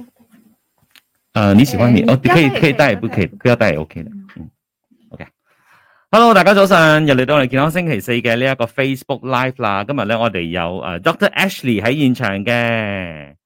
誒、啊，你喜歡你哦，可以可以戴，不可以不要戴，O K 的，嗯，O K。Hello，大家早上又嚟到我哋健康星期四嘅呢一個 Facebook Live 啦。今日呢我哋有誒 Dr. Ashley 喺現場嘅。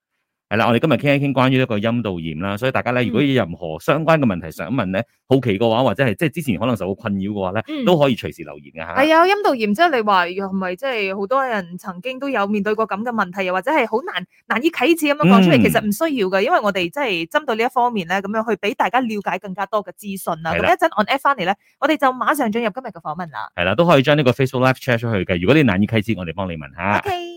係啦，我哋今日傾一傾關於一個陰道炎啦，所以大家咧，如果有任何相關嘅問題想問咧、嗯，好奇嘅話，或者係即係之前可能受到困擾嘅話咧、嗯，都可以隨時留言㗎吓。係啊，陰道炎即係你話係咪即係好多人曾經都有面對過咁嘅問題，又或者係好難難以啟齒咁樣講出嚟，嗯？其實唔需要嘅，因為我哋即係針對呢一方面咧，咁樣去俾大家了解更加多嘅資訊啦。咁一陣 on app 翻嚟咧，我哋就馬上進入今日嘅訪問啦。係啦，都可以將呢個 Facebook Live check 出去嘅，如果你難以啟齒，我哋幫你問下。Okay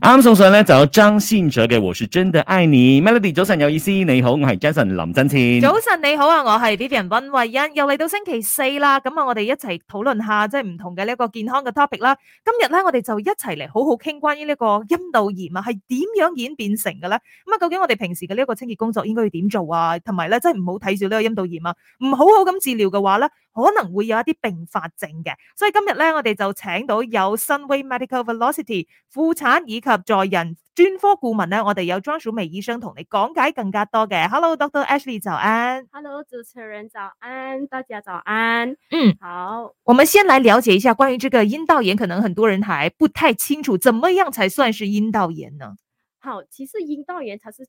啱送上咧就有張信哲嘅我是真的愛你，Melody 早晨有意思，你好，我係 Jason 林振前，早晨你好啊，我係 Vivian 温慧欣，又嚟到星期四啦，咁啊我哋一齊討論下即係唔同嘅呢一個健康嘅 topic 啦，今日咧我哋就一齊嚟好好傾關於呢個陰道炎啊，係點樣演變成嘅咧？咁啊，究竟我哋平時嘅呢一個清潔工作應該要點做啊？同埋咧，即係唔好睇小呢個陰道炎啊，唔好好咁治療嘅話咧。可能會有一啲併發症嘅，所以今日咧我哋就請到有 Sunway Medical Velocity 婦產以及助人專科顧問咧，我哋有莊淑梅醫生同你講解更加多嘅。Hello，Dr. Ashley 早安。Hello，主持人早安，大家早安。嗯，好，我們先來了解一下關於這個陰道炎，可能很多人還不太清楚，怎麼樣才算是陰道炎呢？好，其實陰道炎它是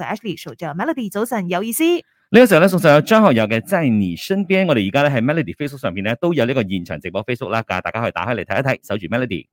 actually 送咗 Melody 早晨，有意思呢個時候咧送上有張學友嘅在你身邊，我哋而家咧喺 Melody Facebook 上邊咧都有呢個現場直播 Facebook 啦，咁啊大家可以打開嚟睇一睇，守住 Melody。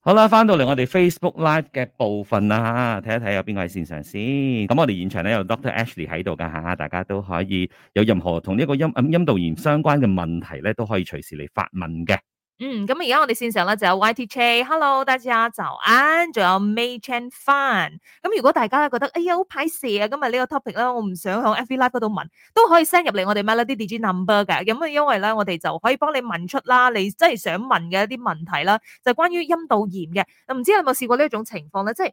好啦，翻到嚟我哋 Facebook Live 嘅部分啦，睇一睇有邊個喺線上先。咁我哋現場咧有 Dr Ashley 喺度噶，吓大家都可以有任何同呢個陰陰道炎相關嘅問題咧，都可以隨時嚟發問嘅。嗯，咁而家我哋線上咧就有 YTJ，Hello，大家早晨，仲有 May Chan Fan，咁如果大家覺得，哎呀好排事啊，今日呢個 topic 咧，我唔想響 f v Live 嗰度問，都可以 send 入嚟我哋 Melody Digital Number 嘅。咁因為咧，我哋就可以幫你問出啦，你真係想問嘅一啲問題啦，就係關於陰道炎嘅。唔知你有冇試過呢一種情況咧，即係。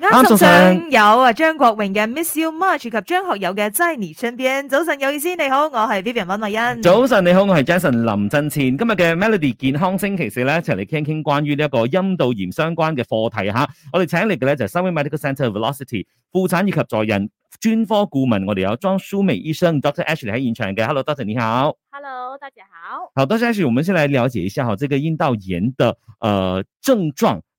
啱，早晨有啊張國榮嘅 Miss You Much 及張學友嘅在你身邊。早晨有意思，你好，我係 Vivian 溫慧欣。早晨你好，我係 Jason 林振前。今日嘅 Melody 健康星期四咧，一齊嚟傾傾關於呢一個陰道炎相關嘅課題吓、嗯。我哋請嚟嘅咧就係 Southern Medical Center Velocity 婦產以及助孕專科顧問，我哋有莊淑美醫生 Doctor Ashley 喺現場嘅。Hello，Doctor 你好。Hello，大家好。好，Doctor Ashley，我們先來了解一下吓，這個陰道炎的，呃，症狀。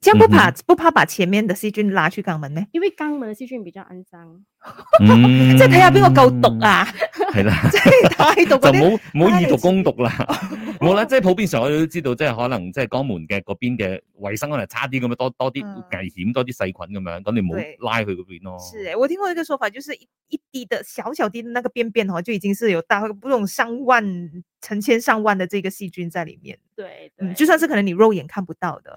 即係不怕，嗯，不怕把前面的細菌拉去肛門呢？因為肛門的細菌比較骯髒，即係睇下邊個夠毒啊？係啦，太毒就唔好唔好以毒攻毒啦。冇 啦，即係普遍上我哋都知道，即係可能即係肛門嘅嗰邊嘅衛生可能差啲咁樣，多多啲危險，多啲細菌咁樣，咁、嗯、你冇拉去嗰邊咯。是誒，我聽過一個說法，就是一,一滴的小小滴的那個便便哦，就已經是有大概不用上萬、成千上萬的這個細菌在裏面。對，對，嗯，就算是可能你肉眼看不到的。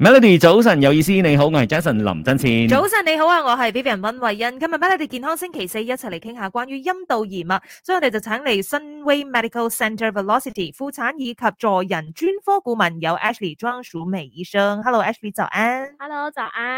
Melody，早晨，有意思，你好，我係 Jason 林真善。早晨，你好啊，我係 Vivian 温慧欣。今日 Melody 健康星期四一齊嚟傾下關於陰道炎啊，所以我哋就請嚟新威 Medical Center Velocity 婦產以及助孕專科顧問有 Ashley 莊淑美醫生。Hello，Ashley 早安。Hello，早安。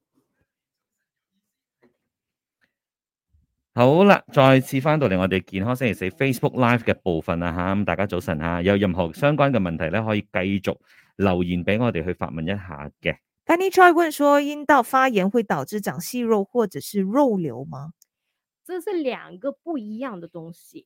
好啦，再次翻到嚟我哋健康星期四 Facebook Live 嘅部分啦，吓咁大家早晨吓，有任何相關嘅問題咧，可以繼續留言俾我哋去發問一下嘅。Danny Choi 問說：陰道發炎會導致長息肉或者是肉瘤嗎？這是兩個不一樣的東西。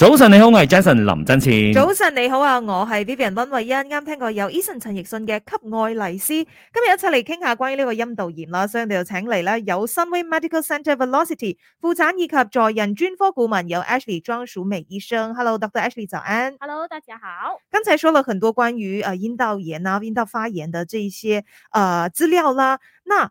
早晨你好，我係 Jason 林振慈。早晨你好啊，我係 Vivian 溫慧欣。啱聽過有 Eason 陳奕迅嘅《給愛麗絲》，今日一齊嚟傾下關於呢個陰道炎啦，所以我哋就請嚟啦有 Sunway Medical Center Velocity 婦產以及助孕專科顧問有 Ashley 莊淑美醫生。Hello，doctor Ashley 早安。Hello，大家好。剛才說了很多關於誒陰、呃、道炎啊、陰道發炎的這一些誒、呃、資料啦，那。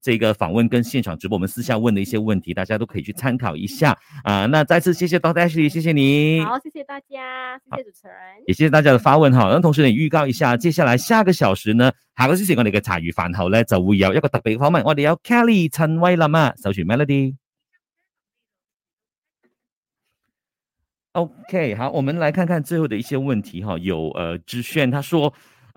這個訪問跟現場直播，我們私下問的一些問題，大家都可以去參考一下啊、呃。那再次謝謝 Doctor Ashley，謝謝你。好，謝謝大家，謝謝主持人，也謝謝大家的發問哈。跟、嗯、同時也預告一下，接下來下個小時呢，下個小時我哋嘅茶餘飯後咧就會有一個特別訪問，我哋要 Kelly Chen 了嗎 Y l m Melody。OK，好，我們來看看最後的一些問題哈。有呃，志炫他說。